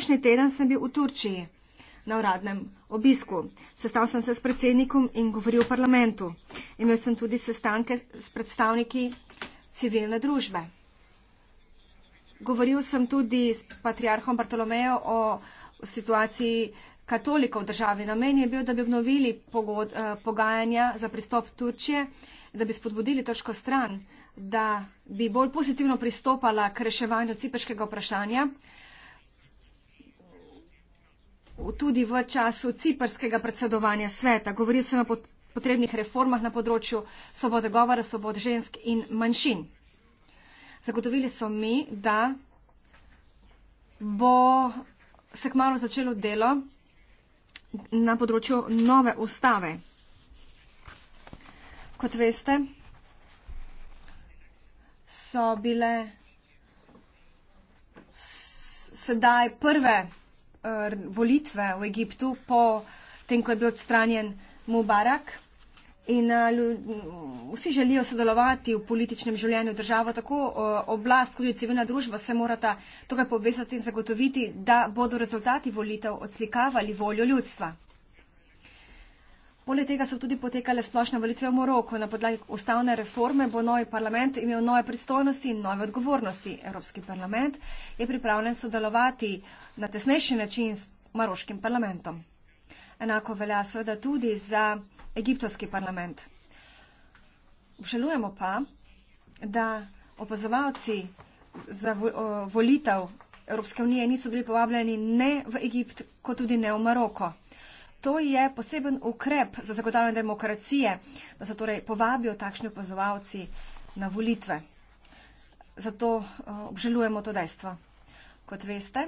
Prejšnji teden sem bil v Turčiji na uradnem obisku. Sestal sem se s predsednikom in govoril v parlamentu. Imel sem tudi sestanke s predstavniki civilne družbe. Govoril sem tudi s patriarhom Bartolomejo o situaciji katolikov v državi. Namen je bil, da bi obnovili eh, pogajanja za pristop Turčije, da bi spodbudili turško stran, da bi bolj pozitivno pristopala k reševanju ciperškega vprašanja tudi v času ciperskega predsedovanja sveta. Govoril sem o potrebnih reformah na področju svobode govora, svobod žensk in manjšin. Zagotovili so mi, da bo se kmalo začelo delo na področju nove ustave. Kot veste, so bile sedaj prve uh, volitve v Egiptu, po tem, ko je bil odstranjen Mubarak. In vsi želijo sodelovati v političnem življenju države, tako oblast kot tudi civilna družba se morata tukaj povezati in zagotoviti, da bodo rezultati volitev odslikavali voljo ljudstva. Poleg tega so tudi potekale splošne volitve v Moroku. Na podlagi ustavne reforme bo novi parlament imel nove pristojnosti in nove odgovornosti. Evropski parlament je pripravljen sodelovati na tesnejši način s maroškim parlamentom. Enako velja seveda tudi za egiptovski parlament. Obžalujemo pa, da opazovalci za volitev Evropske unije niso bili povabljeni ne v Egipt, kot tudi ne v Maroko. To je poseben ukrep za zagotavljanje demokracije, da se torej povabijo takšni opazovalci na volitve. Zato eh, obžalujemo to dejstvo. Kot veste,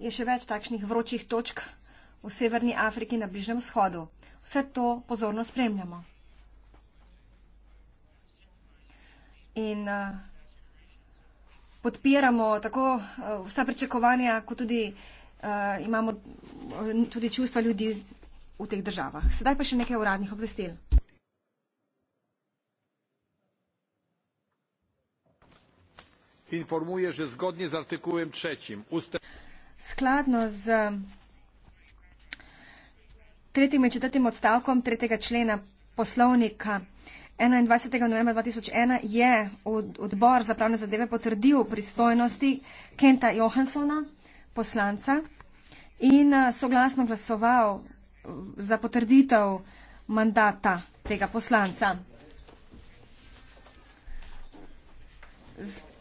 je še več takšnih vročih točk v Severni Afriki na Bližnem vzhodu. Vse to pozorno spremljamo. In eh, podpiramo tako eh, vsa pričakovanja, kot tudi vsega, uh, imamo eh, tudi čustva ljudi v teh državah. Sedaj pa še nekaj uradnih obvestil. Informuje, že zgodnje z artikulem trečim. Uste... Skladno z tretjim in četrtim odstavkom tretjega člena poslovnika 21. novembra 2001 je odbor za pravne zadeve potrdil pristojnosti Kenta Johanssona poslanca in eh, soglasno glasoval eh, za potrditev mandata tega poslanca. Z